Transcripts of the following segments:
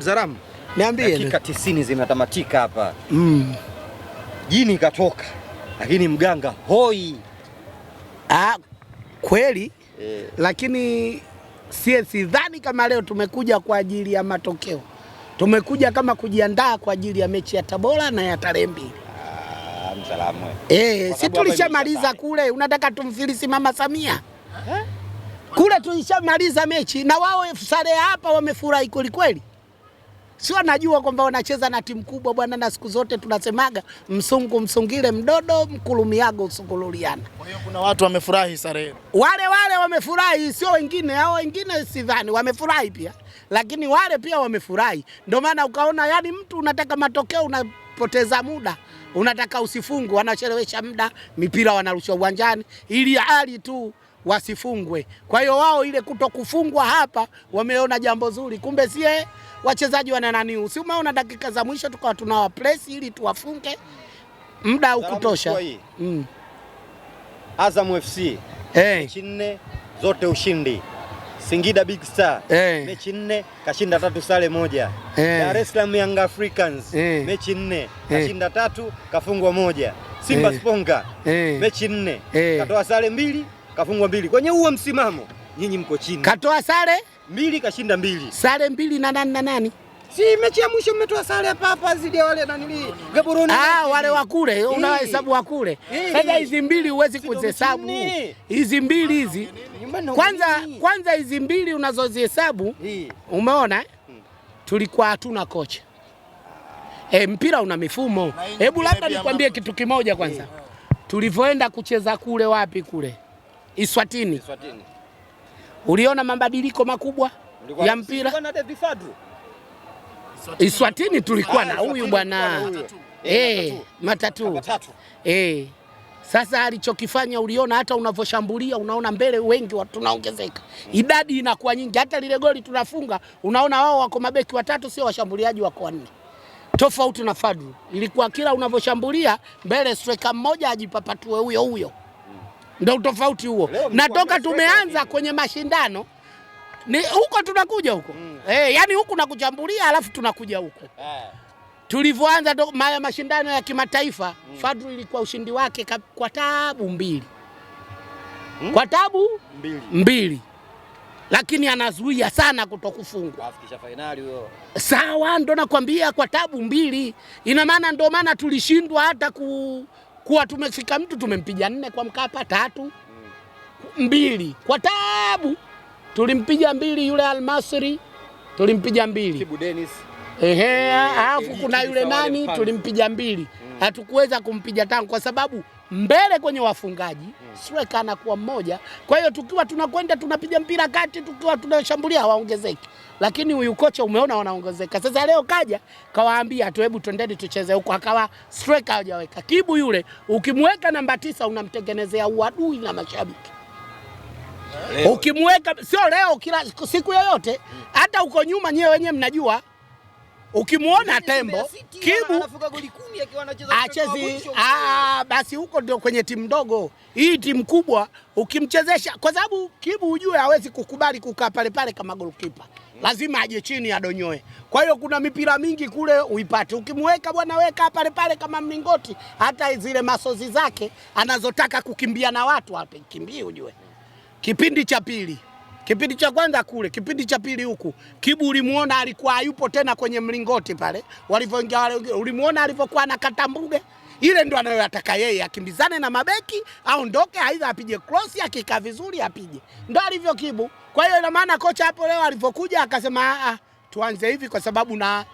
Mzaramo, niambie. Dakika tisini zinatamatika hapa mm. Jini katoka, lakini mganga hoi. Ah, kweli eh. Lakini sie sidhani kama leo tumekuja kwa ajili ya matokeo, tumekuja kama kujiandaa kwa ajili ya mechi ya Tabora na ya tarehe mbili. Ah, eh, si tulishamaliza kule, unataka tumfilisi mama Samia eh? Kule tulishamaliza mechi na wao sare hapa wamefurahi kwelikweli sio anajua kwamba wanacheza na timu kubwa bwana, na siku zote tunasemaga msungu msungile mdodo mkulumiago usungululiana. Kwa hiyo kuna watu wamefurahi sare, wale wale wamefurahi, sio wengine. Hao wengine sidhani wamefurahi pia, lakini wale pia wamefurahi. Ndio maana ukaona, yani mtu unataka matokeo, unapoteza muda, unataka usifungu wanachelewesha muda, mipira wanarushwa uwanjani ili hali tu wasifungwe. Kwa hiyo wao ile kutokufungwa hapa wameona jambo zuri, kumbe sie wachezaji wana nani, si umeona dakika za mwisho tukawa tunawa press ili tuwafunge muda ukutosha. Mm. Azam FC hey. Eh. mechi nne zote ushindi. Singida Big Star hey. Eh. mechi nne kashinda tatu sare moja hey. Eh. Dar es Salaam Young Africans hey. mechi nne kashinda tatu kafungwa moja Simba hey. Sponga hey. mechi nne hey. katoa sare mbili kafungwa mbili kwenye huo msimamo, nyinyi mko chini. Katoa sare mbili, kashinda mbili, sare mbili na nani na nani? Si mechi ya mwisho mmetoa sare hapa hapa zidi ya wale nanili Gaboroni. Ah, wale wa kule unahesabu wa kule. Sasa hizi mbili huwezi kuzihesabu. Hizi mbili hizi. Kwanza kwanza hizi mbili unazozihesabu umeona? Eh? Tulikuwa hatuna kocha. E, mpira una mifumo. Hebu labda nikwambie kitu kimoja kwanza. Tulivyoenda kucheza kule wapi kule? Iswatini, Iswatini. Uliona mabadiliko makubwa Ulikuwa ya mpira Iswatini, tulikuwa na ah, huyu bwana eh, eh matatu eh. Sasa alichokifanya uliona, hata unavyoshambulia unaona mbele, wengi tunaongezeka, mm. idadi inakuwa nyingi. Hata lile goli tunafunga, unaona wao wako mabeki watatu, sio washambuliaji wako wanne, tofauti na Fadru. Ilikuwa kila unavyoshambulia mbele, striker mmoja ajipapatue huyo huyo ndio utofauti huo, na toka tumeanza kwenye mashindano ni huko tunakuja huko mm. Eh, yani huku nakuchambulia alafu tunakuja huko yeah. Tulivyoanza maya mashindano ya kimataifa mm. Fadru ilikuwa ushindi wake kwa tabu mbili mm. kwa tabu mbili, mbili. Lakini anazuia sana kutokufungwa. Afikisha huyo. Sawa, ndo nakwambia kwa tabu mbili, ina maana ndo maana tulishindwa hata ku kuwa tumefika mtu tumempiga nne kwa Mkapa, tatu mbili kwa tabu, tulimpiga mbili yule Almasri, tulimpiga mbili Kibu Dennis, ehe, eh, alafu eh, kuna yule nani tulimpiga mbili mm. hatukuweza kumpiga tangu kwa sababu mbele kwenye wafungaji mm. Sweka anakuwa mmoja. Kwa hiyo tukiwa tunakwenda tunapiga mpira kati, tukiwa tunashambulia hawaongezeki lakini huyu kocha umeona wanaongezeka. Sasa leo kaja kawaambia tu, hebu twendeni tucheze huko, akawa striker hajaweka kibu yule. Ukimweka namba tisa unamtengenezea uadui na mashabiki ukimweka, sio leo, kila siku yoyote, hata uko nyuma nyewe wenyewe mnajua Ukimwona yaani tembo kibu achezi, ah, basi huko ndio kwenye timu ndogo. Hii timu kubwa ukimchezesha, kwa sababu kibu ujue hawezi kukubali kukaa pale pale kama golikipa, lazima aje chini adonyoe. Kwa hiyo kuna mipira mingi kule uipate, ukimweka bwana, weka pale pale kama mlingoti, hata zile masozi zake anazotaka kukimbia na watu hapa, kimbie ujue. Kipindi cha pili Kipindi cha kwanza kule, kipindi cha pili huku. Kibu ulimuona alikuwa hayupo tena kwenye mlingoti pale. Walivyoingia wale, ulimuona alivyokuwa anakata mbuge. Ile ndo anayotaka yeye, akimbizane na mabeki aondoke, aidha apige cross, akikaa vizuri apige. Ndo alivyo Kibu. Kwa hiyo ina maana kocha hapo leo alivyokuja akasema ah, ah tuanze hivi kwa sababu na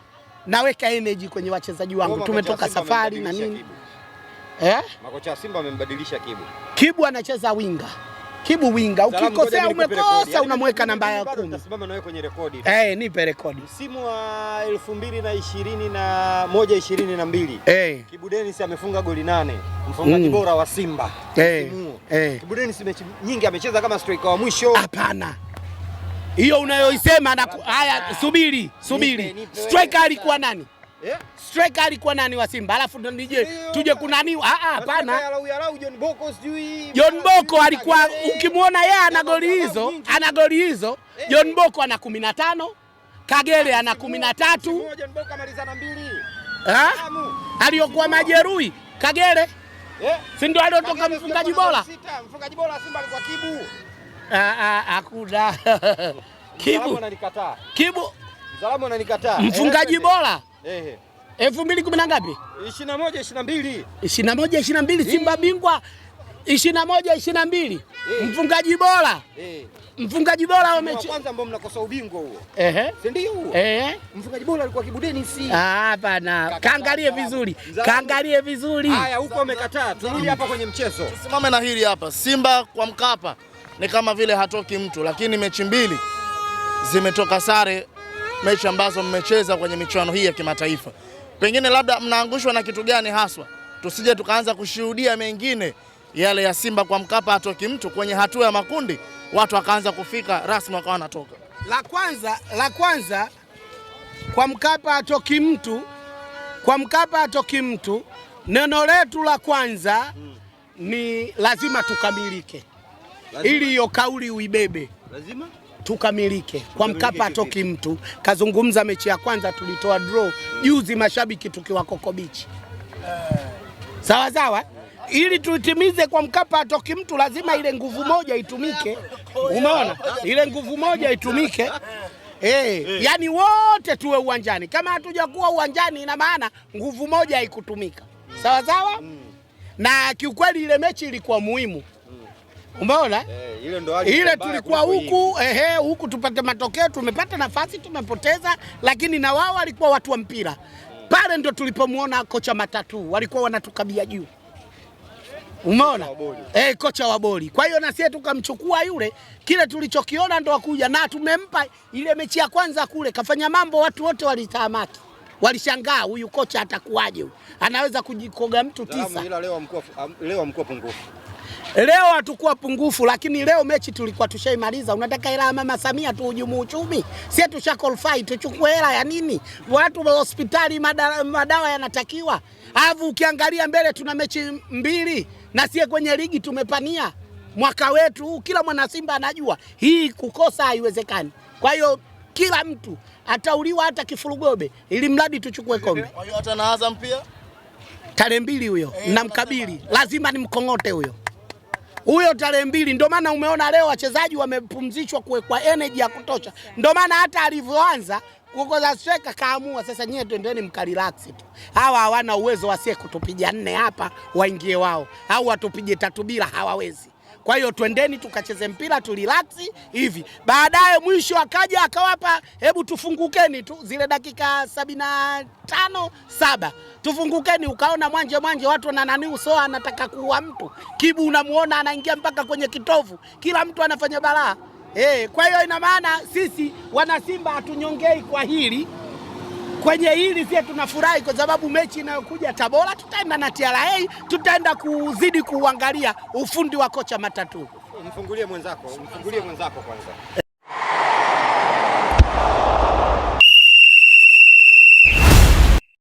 naweka energy kwenye wachezaji wangu. Tumetoka safari na nini? Eh? Makocha Simba amembadilisha Kibu. Kibu anacheza winga. Kibu winga, ukikosea umekosa, yaani unamweka namba ya kumi. Simama na wewe kwenye rekodi. Eh, nipe rekodi. Msimu wa 2021 22. Eh. Kibu Dennis amefunga goli nane. Mfungaji mm. bora wa Simba. Eh, eh. Kibu Dennis mechi nyingi amecheza kama striker wa mwisho. Hapana. Hiyo unayoisema na haya, subiri, subiri. Striker alikuwa nani? Yeah. Striker alikuwa nani wa Simba? Alafu ndo nije tuje kunani? Ah ah, hapana. John Boko sijui. John Boko alikuwa ukimwona yeye ana goli hizo, ana goli hizo. Eh. John Boko ana 15, Kagere ah, ana 13. John Boko amaliza na mbili. Ah? Aliyokuwa majeruhi Kagere. Yeah. Si ndio aliotoka mfungaji bora? Mfungaji bora Simba alikuwa Kibu. Ah ah, akuda. Kibu. Kibu. ananikataa. Mfungaji bora. Elfu mbili kumi na ngapi? Ishirini na moja, ishirini na mbili. Ishirini na moja, ishirini na mbili Simba bingwa ishirini na moja, ishirini na mbili mfungaji bora mfungaji bora wa mechi kwanza ambao mnakosa ubingwa huo. Ehe. Si ndio huo? Ehe. Mfungaji bora alikuwa Ah, Kaangalie vizuri. Kaangalie vizuri. Haya, huko amekataa. Turudi hapa kwenye mchezo. Tusimame na hili hapa. Simba kwa Mkapa ni kama vile hatoki mtu, lakini mechi mbili zimetoka sare mechi ambazo mmecheza kwenye michuano hii ya kimataifa, pengine labda mnaangushwa na kitu gani haswa, tusije tukaanza kushuhudia mengine yale ya Simba kwa Mkapa atoki mtu kwenye hatua ya makundi, watu wakaanza kufika rasmi wakawa wanatoka. La kwanza, la kwanza kwa Mkapa atoki mtu, kwa Mkapa atoki mtu. Neno letu la kwanza ni lazima tukamilike, lazima. Ili hiyo kauli uibebe lazima tukamilike. Kwa Mkapa atoki mtu. Kazungumza mechi ya kwanza tulitoa draw juzi, mashabiki tukiwa kokobichi sawa sawa ili tutimize kwa Mkapa atoki mtu, lazima ile nguvu moja itumike. Umeona, ile nguvu moja itumike. Hey, eh, eh. yani wote tuwe uwanjani. Kama hatujakuwa uwanjani, ina maana nguvu moja haikutumika sawa sawa. Mm. Na kiukweli ile mechi ilikuwa muhimu, umeona. Eh ile, ndo ile tulikuwa huku ehe, huku tupate matokeo, tumepata nafasi tumepoteza, lakini na wao walikuwa watu wa mpira pale, ndo tulipomwona kocha matatu walikuwa wanatukabia juu Umeona eh, kocha wa boli. Kwa hiyo na sisi tukamchukua yule, kile tulichokiona ndo akuja na tumempa. Ile mechi ya kwanza kule kafanya mambo, watu wote walitamaki, walishangaa huyu kocha atakuwaje? Anaweza kujikoga mtu tisa. Leo mkuu pungufu Leo hatukuwa pungufu, lakini leo mechi tulikuwa tushaimaliza. Unataka hela ya mama Samia tuhujumu uchumi? Sie tusha qualify, tuchukue hela ya nini? Watu wa hospitali madawa, madawa yanatakiwa. Alafu ukiangalia mbele tuna mechi mbili na sie kwenye ligi tumepania mwaka wetu huu. Kila mwana Simba anajua hii kukosa haiwezekani, kwa hiyo kila mtu atauliwa hata kifurugobe, ili mradi tuchukue kombe. Kwa hiyo hata na Azam pia tarehe mbili huyo, hey, eh, namkabili lazima nimkong'ote huyo huyo tarehe mbili. Ndio maana umeona leo wachezaji wamepumzishwa kuwekwa energy ya kutosha, ndio maana hata alivyoanza kuongoza streka kaamua sasa, nyie twendeni mkarelax tu, hawa hawana uwezo, wasie kutupiga nne hapa waingie wao, au watupige tatu bila, hawawezi kwa hiyo twendeni tukacheze mpira relax hivi, baadaye mwisho akaja akawapa, hebu tufungukeni tu zile dakika sabini na tano saba tufungukeni, ukaona mwanje mwanje watu na nani uso anataka kuua mtu kibu, unamuona anaingia mpaka kwenye kitovu, kila mtu anafanya balaa eh. Kwa hiyo ina maana sisi wana Simba hatunyongei kwa hili kwenye hili pia tunafurahi kwa sababu mechi inayokuja Tabora tutaenda na TRA, tutaenda kuzidi kuangalia ufundi wa kocha Matatu. Mfungulie mwenzako, mfungulie mwenzako kwanza.